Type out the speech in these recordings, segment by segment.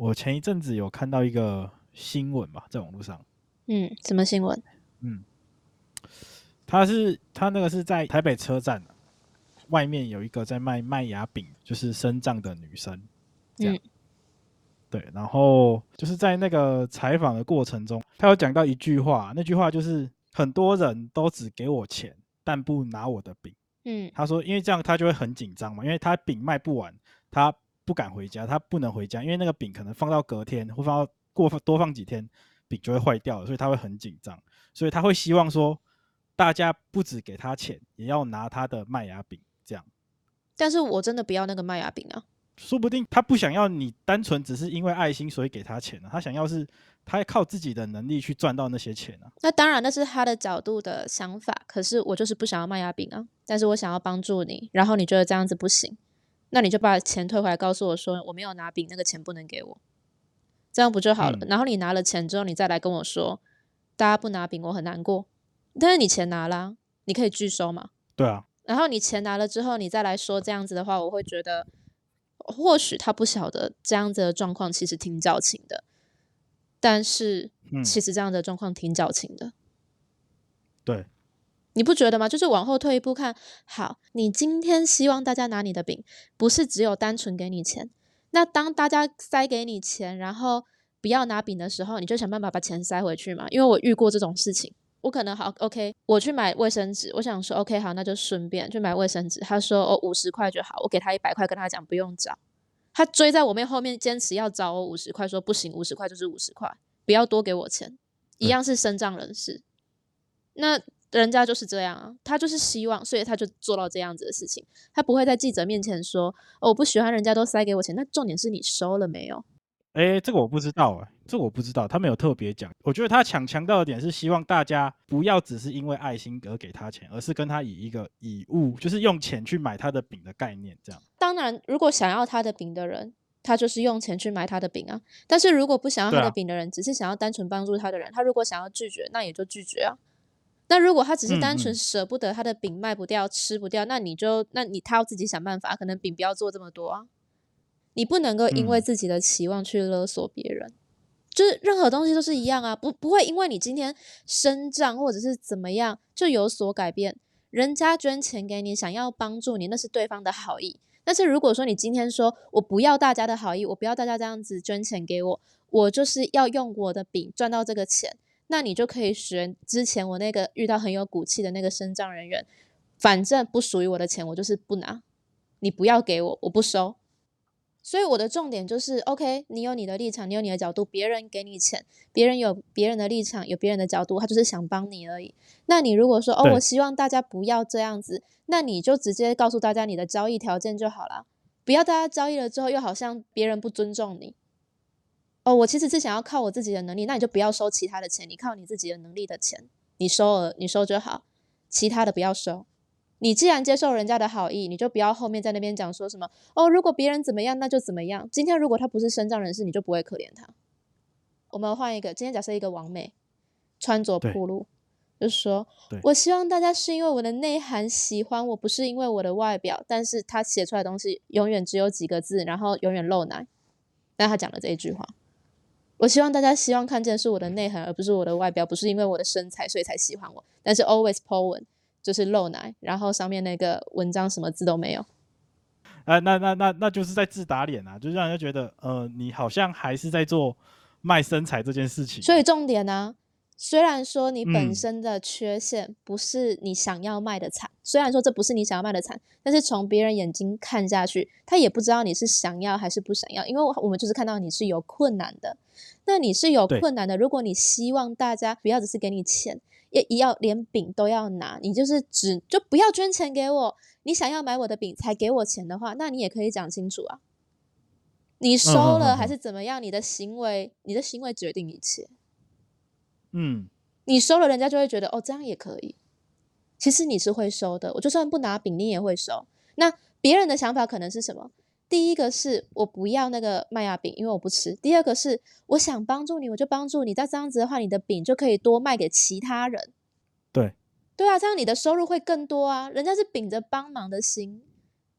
我前一陣子有看到一個新聞吧，在網絡上。嗯，什麼新聞？嗯，他是他那個是在台北車站、啊、外面有一個在賣麥芽餅，就是身障的女生。這樣、嗯、對，然後就是在那個採訪的過程中，他有講到一句話，那句話就是很多人都只給我錢，但不拿我的餅。嗯，他說因為這樣他就會很緊張嘛，因為他餅賣不完，他。不敢回家，他不能回家，因為那個餅可能放到隔天，或放到過多放幾天，餅就會壞掉了，所以他會很緊張，所以他會希望說，大家不只給他錢，也要拿他的麥芽餅這樣。但是我真的不要那個麥芽餅啊！說不定他不想要你單純只是因為愛心所以給他錢呢、啊，他想要是他要靠自己的能力去賺到那些錢呢、啊？那當然那是他的角度的想法，可是我就是不想要麥芽餅啊，但是我想要幫助你，然後你覺得這樣子不行？那你就把錢退回來，告訴我說我沒有拿餅，那個錢不能給我，這樣不就好了？嗯、然後你拿了錢之後，你再來跟我說，大家不拿餅，我很難過。但是你錢拿了、啊，你可以拒收嘛？對啊。然後你錢拿了之後，你再來說這樣子的話，我會覺得，或許他不曉得這樣子的狀況其實挺矯情的，但是其實這樣的狀況挺矯情的。嗯、對。你不覺得嗎？就是往後退一步看，好，你今天希望大家拿你的餅，不是只有單純給你錢。那當大家塞給你錢，然後不要拿餅的時候，你就想辦法把錢塞回去嘛。因為我遇過這種事情，我可能好 OK，我去買衛生紙，我想說 OK 好，那就順便去買衛生紙。他說哦，五十塊就好，我給他一百塊，跟他講不用找。他追在我妹後面，堅持要找我五十塊，說不行，五十塊就是五十塊，不要多給我錢，一樣是身障人士，嗯、那。人家就是這樣啊，他就是希望，所以他就做到這樣子的事情。他不會在記者面前說：“我、哦、不喜歡人家都塞給我錢。”那重點是你收了沒有？誒、欸，這個我不知道哎、欸，這個、我不知道，他沒有特別講。我覺得他強強調的點是希望大家不要只是因為愛心而給他錢，而是跟他以一個以物，就是用錢去買他的餅的概念這樣。當然，如果想要他的餅的人，他就是用錢去買他的餅啊。但是如果不想要他的餅的人，啊、只是想要單純幫助他的人，他如果想要拒絕，那也就拒絕啊。那如果他只是單純捨不得他的餅賣不掉、嗯嗯、吃不掉，那你就那你他要自己想辦法，可能餅不要做這麼多啊。你不能夠因為自己的期望去勒索別人，嗯、就是任何東西都是一樣啊，不不會因為你今天身障或者是怎麼樣就有所改變。人家捐錢給你，想要幫助你，那是對方的好意。但是如果說你今天說我不要大家的好意，我不要大家這樣子捐錢給我，我就是要用我的餅賺到這個錢。那你就可以選之前我那個遇到很有骨氣的那個身障人員。反正不屬於我的錢我就是不拿，你不要給我，我不收。所以我的重點就是，OK，你有你的立場，你有你的角度，別人給你錢，別人有別人的立場，有別人的角度，他就是想幫你而已。那你如果說哦，對我希望大家不要這樣子，那你就直接告訴大家你的交易條件就好了，不要大家交易了之後又好像別人不尊重你。哦，我其實是想要靠我自己的能力，那你就不要收其他的錢，你靠你自己的能力的錢，你收了，你收就好，其他的不要收。你既然接受人家的好意，你就不要後面在那邊講說什麼哦。如果別人怎麼樣，那就怎麼樣。今天如果他不是身障人士，你就不會可憐他。我們換一個，今天假設一個網美穿着暴露，對就是說對我希望大家是因為我的內涵喜歡我，不是因為我的外表。但是他寫出來的東西永遠只有幾個字，然後永遠露奶。但他講了這一句話。我希望大家希望看見是我的內涵，而不是我的外表，不是因為我的身材所以才喜歡我。但是 always po 文就是露奶，然後上面那個文章什麼字都沒有。呃、那那那那就是在自打臉啊，就是讓人家覺得，呃，你好像還是在做賣身材這件事情。所以重點呢、啊？雖然說你本身的缺陷不是你想要賣的慘，嗯、雖然說這不是你想要賣的慘，但是從別人眼睛看下去，他也不知道你是想要還是不想要，因為我我們就是看到你是有困難的。那你是有困難的，對如果你希望大家不要只是給你錢，也一定要連餅都要拿，你就是只就不要捐錢給我，你想要買我的餅才給我錢的話，那你也可以講清楚啊，你收了還是怎麼樣？你的行為，嗯嗯嗯你的行為決定一切。嗯，你收了人家就會覺得哦，這樣也可以。其實你是會收的，我就算不拿餅，你也會收。那別人的想法可能是什麼？第一個是我不要那個麥芽餅，因為我不吃。第二個是我想幫助你，我就幫助你。那這樣子的話，你的餅就可以多賣給其他人。對，對啊，這樣你的收入會更多啊。人家是秉着幫忙的心，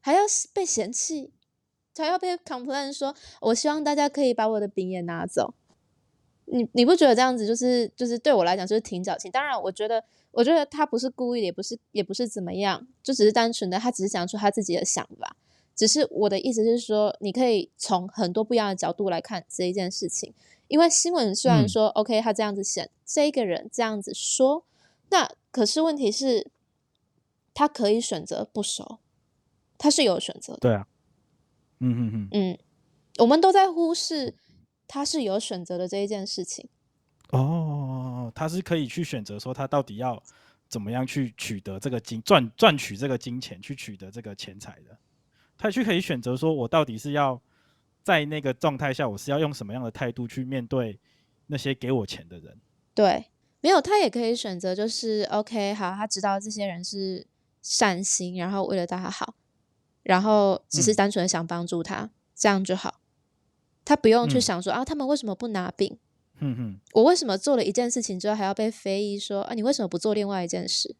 還要被嫌棄，才要被 complain 說，我希望大家可以把我的餅也拿走。你你不覺得這樣子就是就是，對我來講就是挺矯情？當然，我覺得我覺得他不是故意的，也不是也不是怎麼樣，就只是單純的他只是講出他自己的想法。只是我的意思是說，你可以從很多不一樣的角度來看這一件事情。因為新聞雖然說、嗯、OK，他這樣子寫，這個人這樣子說，那可是問題是，他可以選擇不收，他是有選擇的。對啊，嗯嗯嗯嗯，我們都在忽視。他是有選擇的這一件事情，哦，他是可以去選擇說他到底要怎麼樣去取得這個金賺賺取這個金錢去取得這個錢財的，他去可以選擇說，我到底是要在那個狀態下，我是要用什麼樣的態度去面對那些給我錢的人？對，沒有，他也可以選擇，就是 OK，好，他知道這些人是善心，然後為了大家好，然後只是單純的想幫助他，嗯、這樣就好。他不用去想說、嗯、啊，他們為什麼不拿餅？嗯、哼我為什麼做了一件事情之後還要被非議說啊？你為什麼不做另外一件事？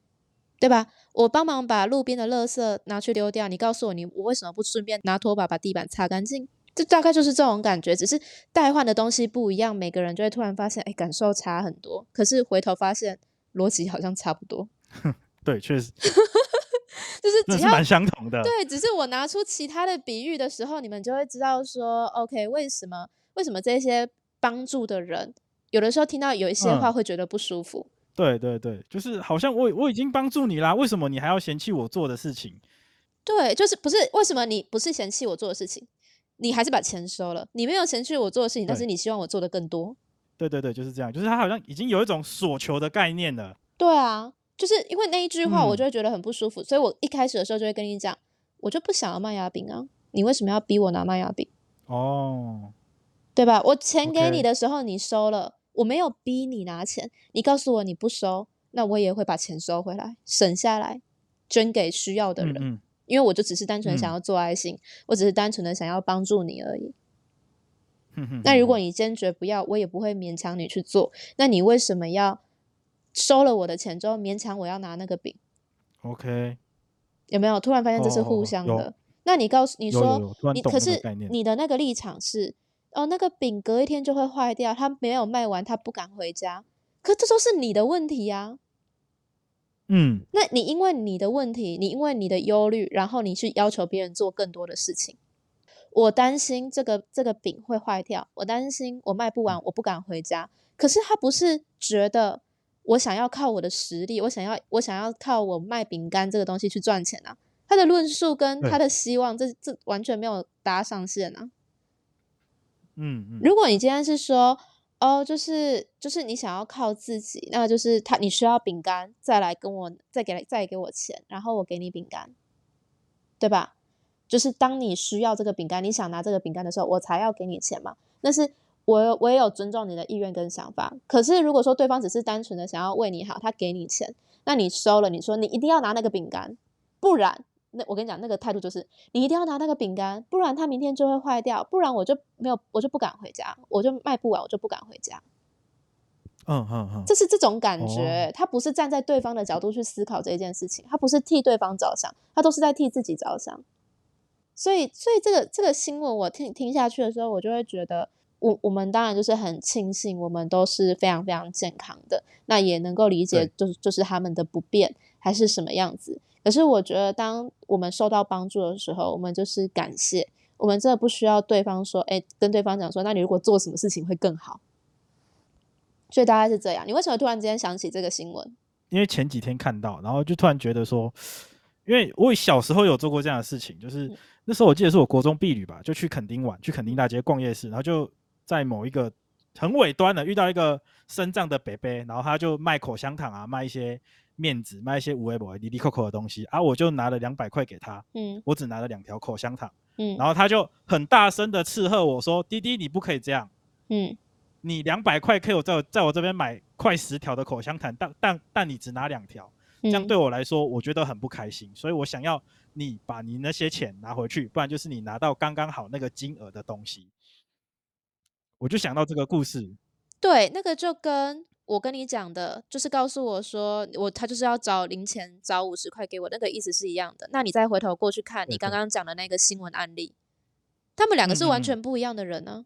對吧？我幫忙把路邊的垃圾拿去丟掉，你告訴我你我為什麼不順便拿拖把把地板擦乾淨？這大概就是這種感覺，只是代換的東西不一樣，每個人就會突然發現哎，感受差很多。可是回頭發現邏輯好像差不多。對，確實。確實 就是蠻相同的，對，只是我拿出其他的比喻的時候，你們就會知道說，OK，為什麼為什麼這些幫助的人，有的時候聽到有一些話會覺得不舒服？嗯、對對對，就是好像我我已經幫助你啦、啊，為什麼你還要嫌棄我做的事情？對，就是不是為什麼你不是嫌棄我做的事情，你還是把錢收了，你沒有嫌棄我做的事情，對但是你希望我做的更多？對對對，就是這樣，就是他好像已經有一種索求的概念了。對啊。就是因為那一句話，我就會覺得很不舒服，嗯、所以我一開始的時候就會跟你講，我就不想要麥芽餅啊，你為什麼要逼我拿麥芽餅？哦，對吧？我錢給你的時候你收了，Okay. 我沒有逼你拿錢，你告訴我你不收，那我也會把錢收回來，省下來捐給需要的人，嗯嗯，因為我就只是單純想要做愛心，嗯、我只是單純的想要幫助你而已。呵呵呵，那如果你堅決不要，我也不會勉強你去做，那你為什麼要？收了我的錢之後，勉強我要拿那個餅。OK，有沒有突然發現這是互相的？Oh, oh, oh, oh, 那你告訴有你說，你可是你的那個立場是哦，那個餅隔一天就會壞掉，他沒有賣完，他不敢回家。可這都是你的問題啊。嗯，那你因為你的問題，你因為你的憂慮，然後你去要求別人做更多的事情。我擔心這個這個餅會壞掉，我擔心我賣不完，嗯、我不敢回家。可是他不是覺得。我想要靠我的實力，我想要我想要靠我賣餅乾這個東西去賺錢啊！他的論述跟他的希望，嗯、這這完全沒有搭上線啊。嗯嗯，嗯，如果你今天是說哦，就是就是你想要靠自己，那就是他你需要餅乾再來跟我再給再給我錢，然後我給你餅乾，對吧？就是當你需要這個餅乾，你想拿這個餅乾的時候，我才要給你錢嘛。但是。我我也有尊重你的意願跟想法，可是如果說對方只是單純的想要為你好，他給你錢，那你收了，你說你一定要拿那個餅乾，不然那我跟你講，那個態度就是你一定要拿那個餅乾，不然他明天就會壞掉，不然我就沒有，我就不敢回家，我就賣不完，我就不敢回家。嗯嗯嗯，嗯嗯這是這種感覺，嗯嗯，他不是站在對方的角度去思考這件事情，他不是替對方着想，他都是在替自己着想。所以所以這個這個新聞我聽聽下去的時候，我就會覺得。我我們當然就是很慶幸，我們都是非常非常健康的，那也能夠理解就，就是對就是他們的不便還是什麼樣子。可是我覺得，當我們受到幫助的時候，我們就是感謝，我們真的不需要對方說，哎、欸，跟對方講說，那你如果做什麼事情會更好。所以大概是這樣。你為什麼突然間想起這個新聞？因為前幾天看到，然後就突然覺得說，因為我小時候有做過這樣的事情，就是、嗯、那時候我記得是我國中畢旅吧，就去墾丁玩，去墾丁大街逛夜市，然後就。在某一個很尾端的遇到一個身障的伯伯，然後他就賣口香糖啊，賣一些面子，賣一些有的沒的哩哩摳摳的東西，啊，我就拿了兩百塊給他，嗯，我只拿了兩條口香糖，嗯，然後他就很大聲的斥喝我說：“弟弟你不可以這樣，嗯，你兩百塊可以在我在在我這邊買快十條的口香糖，但但但你只拿兩條，這樣對我來說我覺得很不開心，嗯，所以我想要你把你那些錢拿回去，不然就是你拿到剛剛好那個金額的東西。”我就想到這個故事，對，那個就跟我跟你講的，就是告訴我說，我他就是要找零錢，找五十塊給我，那個意思是一樣的。那你再回頭過去看你剛剛講的那個新聞案例，他們兩個是完全不一樣的人呢、啊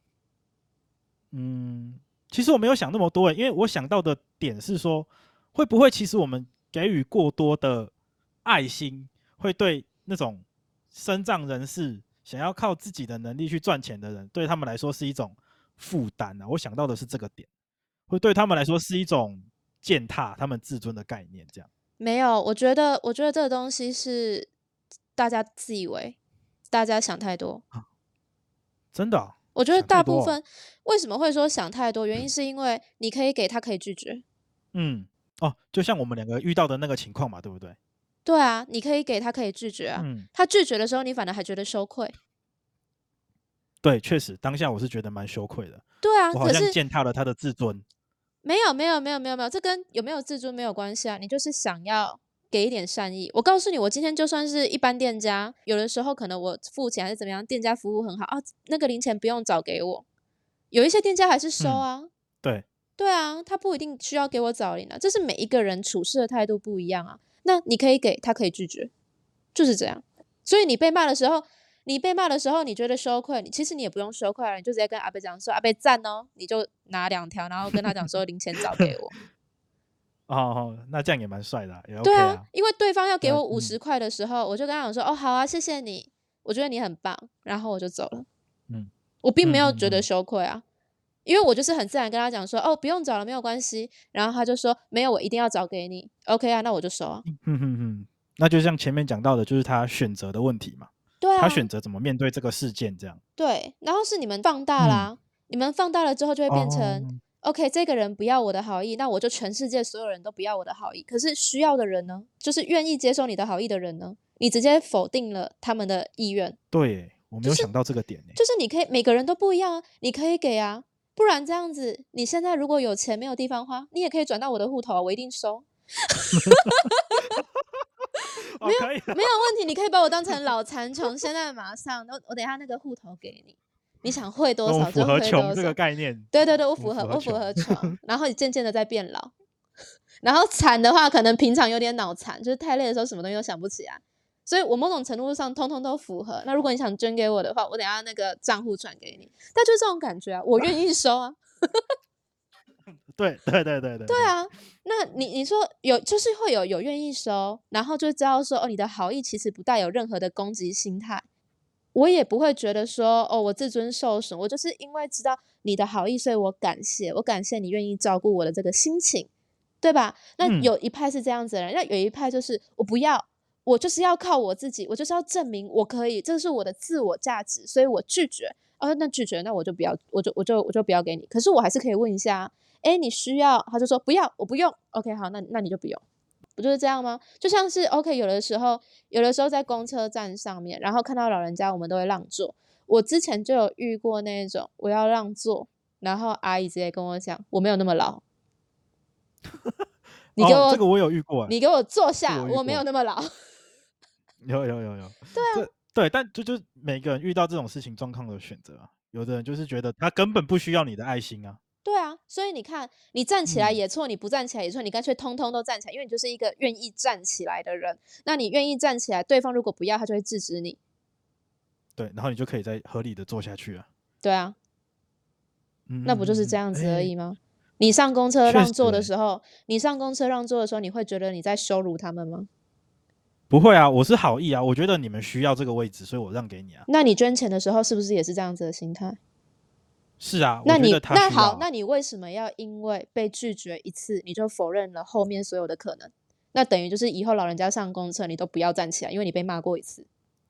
嗯。嗯，其實我沒有想那麼多欸，因為我想到的點是說，會不會其實我們給予過多的愛心，會對那種身障人士想要靠自己的能力去賺錢的人，對他們來說是一種。負擔啊，我想到的是這個點，會對他們來說是一種踐踏他們自尊的概念，這樣。沒有，我覺得，我覺得這個東西是大家自以為，大家想太多、啊、真的、哦？我覺得大部分、哦、為什麼會說想太多，原因是因為你可以給他可以拒絕，嗯，哦，就像我們兩個遇到的那個情況嘛，對不對？對啊，你可以給他可以拒絕，啊，嗯、他拒絕的時候，你反而還覺得羞愧。對，確實，當下我是覺得蠻羞愧的。對啊，我好像踐踏了他的自尊。沒有，沒有，沒有，沒有，沒有，這跟有沒有自尊沒有關係啊。你就是想要給一點善意。我告訴你，我今天就算是一般店家，有的時候可能我付錢還是怎麼樣，店家服務很好啊，那個零錢不用找給我。有一些店家還是收啊。嗯、對。對啊，他不一定需要給我找零啊。這是每一個人處事的態度不一樣啊。那你可以給他，可以拒絕，就是這樣。所以你被罵的時候。你被罵的時候，你覺得羞愧？其實你也不用羞愧了，你就直接跟阿伯講說：“阿伯讚哦！”你就拿兩條，然後跟他講說：“零錢找給我。” 哦，那這樣也蠻帥的，也、OK、啊,對啊啊，對啊。因為對方要給我五十塊的時候，嗯、我就跟他講說：“哦，好啊，謝謝你，我覺得你很棒。”然後我就走了。嗯，我並沒有覺得羞愧啊，嗯嗯因為我就是很自然跟他講說：“哦，不用找了，沒有關係。”然後他就說：“沒有，我一定要找給你。”OK 啊，那我就收啊。哼哼哼，那就像前面講到的，就是他選擇的問題嘛。對啊，他選擇怎麼面對這個事件，這樣。對，然後是你們放大了啊，嗯，你們放大了之後就會變成，哦，OK，這個人不要我的好意，那我就全世界所有人都不要我的好意。可是需要的人呢，就是願意接受你的好意的人呢，你直接否定了他們的意願。對，我沒有想到這個點欸。就是，就是你可以每個人都不一樣啊，你可以給啊，不然這樣子，你現在如果有錢沒有地方花，你也可以轉到我的戶頭啊，我一定收。 沒有、哦、沒有問題，你可以把我當成老殘窮， 現在馬上，我我等一下那個戶頭給你， 你想匯多少就匯多少，這個概念。對對對，我符合我符合，我符合窮，然後你漸漸的在變老，然後慘的話，可能平常有點腦殘，就是太累的時候什麼東西都想不起啊，所以我某種程度上通通都符合。那如果你想捐給我的話，我等下那個賬戶轉給你，但就是這種感覺啊，我願意收啊。 對對，對對對對對。對啊，那你你說有就是會有有願意收，然後就知道說哦，你的好意其實不帶有任何的攻擊心態，我也不會覺得說哦，我自尊受損，我就是因為知道你的好意，所以我感謝，我感謝你願意照顧我的這個心情，對吧？那有一派是這樣子的人，那、嗯、有一派就是我不要，我就是要靠我自己，我就是要證明我可以，這是我的自我價值，所以我拒絕。.哦，那拒絕，那我就不要，我就我就我就不要給你。可是我還是可以問一下，哎、欸，你需要？他就說不要，我不用。OK，好，那那你就不用，不就是這樣嗎？就像是 OK，有的時候，有的時候在公車站上面，然後看到老人家，我們都會讓座。我之前就有遇過那種，我要讓座，然後阿姨直接跟我講，我沒有那麼老。 你給我、哦、這個我有遇過、欸，你給我坐下，我，我沒有那麼老。有有有有，有有有對啊。對，但就就每個人遇到這種事情狀況的選擇、啊，有的人就是覺得他根本不需要你的愛心啊。對啊，所以你看，你站起來也錯，你不站起來也錯，嗯、你乾脆通通都站起來，因為你就是一個願意站起來的人。那你願意站起來，對方如果不要，他就會制止你。對，然後你就可以再合理的坐下去啊。對啊，嗯、那不就是這樣子而已嗎？嗯欸、你上公車讓座的時候，實你上公車讓座的時候，你會覺得你在羞辱他們嗎？不會啊，我是好意啊。我覺得你們需要這個位置，所以我讓給你啊。那你捐錢的時候是不是也是這樣子的心態？是啊，那你、啊、那好，那你為什麼要因為被拒絕一次你就否認了後面所有的可能？那等於就是以後老人家上公車，你都不要站起來，因為你被罵過一次。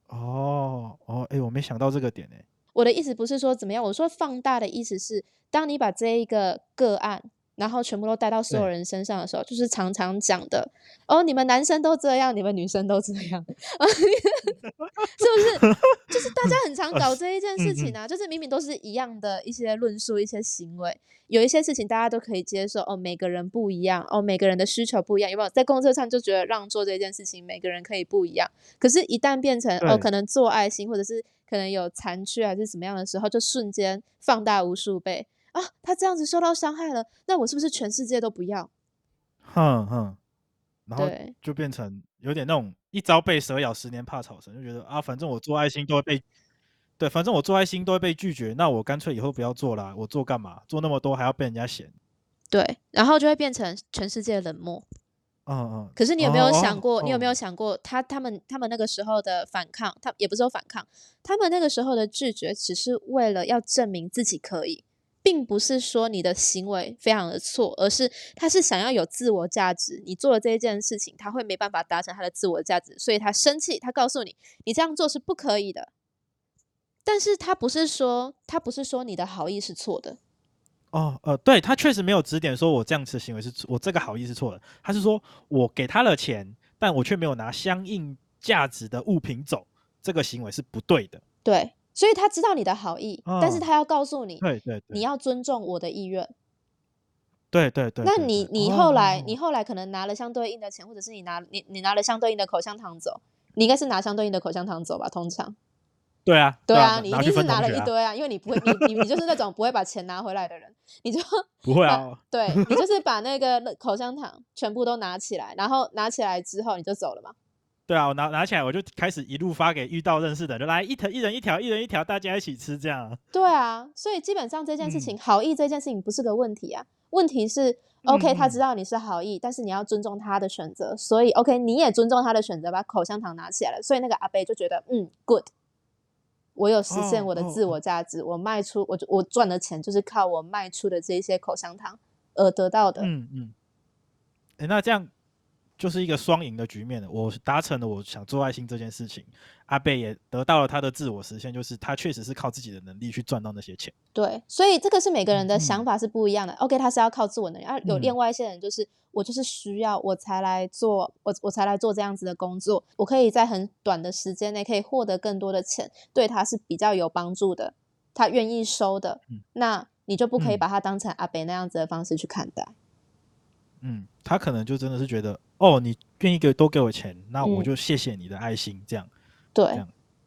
哦哦，誒，我沒想到這個點誒。我的意思不是說怎麼樣，我說放大的意思是，當你把這一個個案，然後全部都帶到所有人身上的時候，對就是常常講的哦，你們男生都這樣，你們女生都這樣， 是不是？就是大家很常搞這一件事情啊，就是明明都是一樣的一些論述、一些行為，有一些事情大家都可以接受哦，每個人不一樣哦，每個人的需求不一樣，有沒有？在公車上就覺得讓座這件事情，每個人可以不一樣，可是，一旦變成對哦，可能做愛心，或者是可能有殘缺還是怎麼樣的時候，就瞬間放大無數倍。啊，他這樣子受到傷害了，那我是不是全世界都不要？哼哼、嗯嗯，然後就變成有點那種一朝被蛇咬，十年怕草繩，就覺得啊，反正我做愛心都會被，對，反正我做愛心都會被拒絕，那我乾脆以後不要做了，我做幹嘛？做那麼多還要被人家嫌？對，然後就會變成全世界冷漠。嗯嗯。嗯，可是你有沒有想過？哦、你有沒有想過他、哦，他，他他們他們那個時候的反抗，他也不是說反抗，他們那個時候的拒絕，只是為了要證明自己可以。並不是說你的行為非常的錯，而是他是想要有自我價值，你做了這一件事情，他會沒辦法達成他的自我價值，所以他生氣，他告訴你，你這樣做是不可以的。但是他不是說，他不是說你的好意是錯的。哦，呃，對，他確實沒有指點說我這樣子的行為是我這個好意是錯的。他是說我給他了錢，但我卻沒有拿相應價值的物品走，這個行為是不對的。對。所以他知道你的好意，哦、但是他要告訴你，對對對，你要尊重我的意願。對，對對對，那你你後來，哦、你後來可能拿了相對應的錢，或者是你拿你你拿了相對應的口香糖走，你應該是拿相對應的口香糖走吧？通常。對啊，對啊，嗯、你一定是拿了一堆啊，啊因為你不會，你你就是那種不會把錢拿回來的人， 你就不會啊、哦、啊？對，你就是把那個口香糖全部都拿起來，然後拿起來之後你就走了嘛。對啊，我拿拿起來，我就開始一路發給遇到認識的，就來一條，一人一條，一人一條，大家一起吃這樣。對啊，所以基本上這件事情，嗯、好意這件事情不是個問題啊。問題是，OK，嗯嗯他知道你是好意，但是你要尊重他的選擇，所以 OK，你也尊重他的選擇，把口香糖拿起來了。所以那個阿伯就覺得，嗯，Good，我有實現我的自我價值，哦哦、我賣出，我就我賺的錢就是靠我賣出的這些口香糖而得到的。嗯嗯。哎，那這樣。就是一個雙贏的局面。我達成了我想做愛心這件事情，阿伯也得到了他的自我實現，就是他確實是靠自己的能力去賺到那些錢。對，所以這個是每個人的想法是不一樣的。嗯、OK，他是要靠自我能力，而、啊、有另外一些人就是、嗯、我就是需要我才來做，我我才來做這樣子的工作，我可以在很短的時間內可以獲得更多的錢，對他是比較有幫助的，他願意收的。嗯、那你就不可以把他當成阿伯那樣子的方式去看待。嗯，他可能就真的是覺得。哦，你願意給多給我錢，那我就謝謝你的愛心，嗯、這樣。這樣，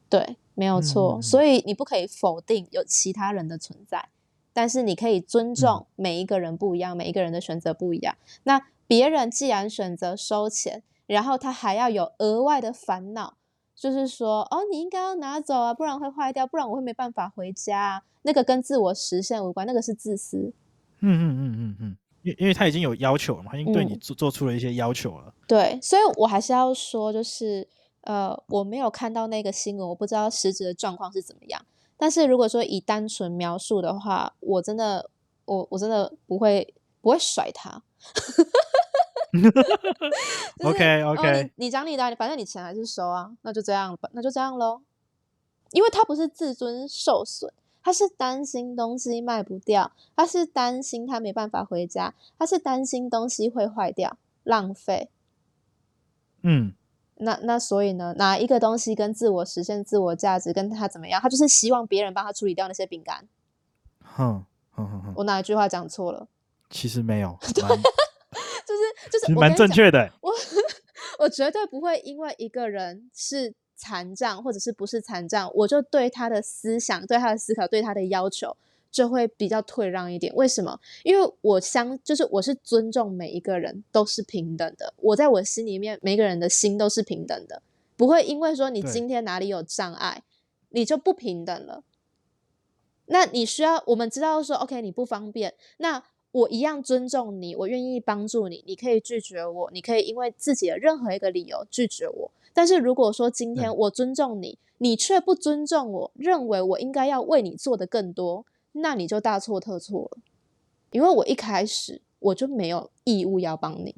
對，對，沒有錯。嗯嗯嗯。所以你不可以否定有其他人的存在，但是你可以尊重每一個人不一樣，嗯、每一個人的選擇不一樣。那別人既然選擇收錢，然後他還要有額外的煩惱，就是說，哦，你應該要拿走啊，不然會壞掉，不然我會沒辦法回家啊。那個跟自我實現無關，那個是自私。嗯嗯嗯嗯嗯。因因為他已經有要求了嘛，他已經對你做做出了一些要求了、嗯。對，所以我還是要說，就是呃，我沒有看到那個新聞，我不知道實質的狀況是怎麼樣。但是如果說以單純描述的話，我真的，我我真的不會不會甩他。 就是、 OK OK，、哦、你講你，你的，反正你錢還是收啊，那就這樣，那就這樣嘍。因為他不是自尊受損。他是擔心東西賣不掉，他是擔心他沒辦法回家，他是擔心東西會壞掉、浪費。嗯，那那所以呢，拿一個東西跟自我實現、自我價值跟他怎麼樣？他就是希望別人幫他處理掉那些餅乾。哼哼哼哼，嗯嗯嗯、我哪一句話講錯了？其實沒有， 就是就是蠻正確的。我我絕對不會因為一個人是殘障或者是不是殘障，我就對他的思想、對他的思考、對他的要求就會比較退讓一點。為什麼？因為我相就是我是尊重每一個人都是平等的。我在我心裡面，每個人的心都是平等的，不會因為說你今天哪裡有障礙，對你就不平等了。那你需要我們知道說，OK，你不方便，那我一樣尊重你，我願意幫助你。你可以拒絕我，你可以因為自己的任何一個理由拒絕我。但是如果說今天我尊重你，對你卻不尊重我，認為我應該要為你做的更多，那你就大錯特錯了。因為我一開始我就沒有義務要幫你。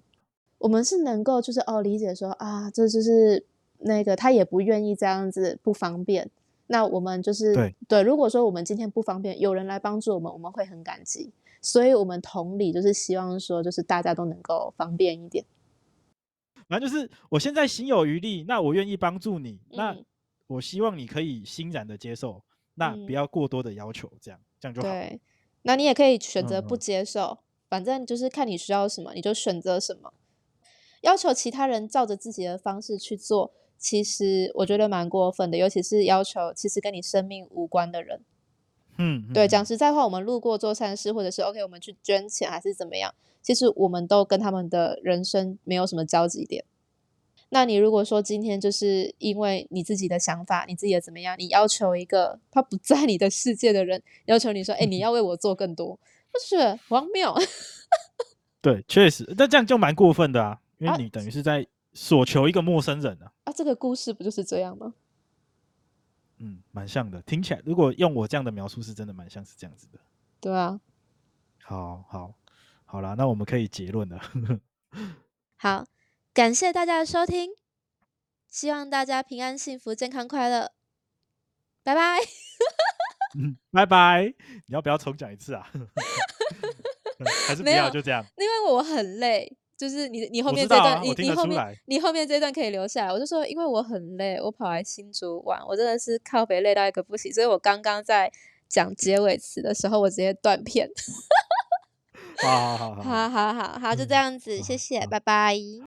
我們是能夠就是哦理解說啊，這就是那個他也不願意這樣子不方便。那我們就是對，對，如果說我們今天不方便，有人來幫助我們，我們會很感激。所以我們同理就是希望說，就是大家都能夠方便一點。反正就是，我現在心有餘力，那我願意幫助你。嗯、那我希望你可以欣然的接受，那不要過多的要求，這樣、嗯、這樣就好了。對，那你也可以選擇不接受，嗯、反正就是看你需要什麼，你就選擇什麼。要求其他人照着自己的方式去做，其實我覺得蠻過分的，尤其是要求其實跟你生命無關的人。嗯，嗯對，講實在話，我們路過做善事，或者是 OK，我們去捐錢還是怎麼樣。其實我們都跟他們的人生沒有什麼交集點。那你如果說今天就是因為你自己的想法，你自己的怎麼樣，你要求一個他不在你的世界的人，要求你說，哎、欸，你要為我做更多，就是荒謬。對，確實，但這樣就蠻過分的啊，因為你等於是在索求一個陌生人了、啊啊。啊，這個故事不就是這樣嗎？嗯，蠻像的，聽起來，如果用我這樣的描述，是真的蠻像是這樣子的。對啊，好好。好好了，那我們可以結論了。 好，感謝大家的收聽，希望大家平安、幸福、健康、快樂，拜拜。 嗯，拜拜。你要不要重講一次啊？ 還是不要？ 有就這樣。因為我很累，就是你你後面這段，啊、你聽你後面，你後面這段可以留下來。我就說，因為我很累，我跑來新竹玩，我真的是靠北累到一個不行，所以我剛剛在講結尾詞的時候，我直接斷片。 好，好，好，好，好，好，好，好、嗯，好，好，好，好，就這樣子，嗯、謝謝，好，拜拜。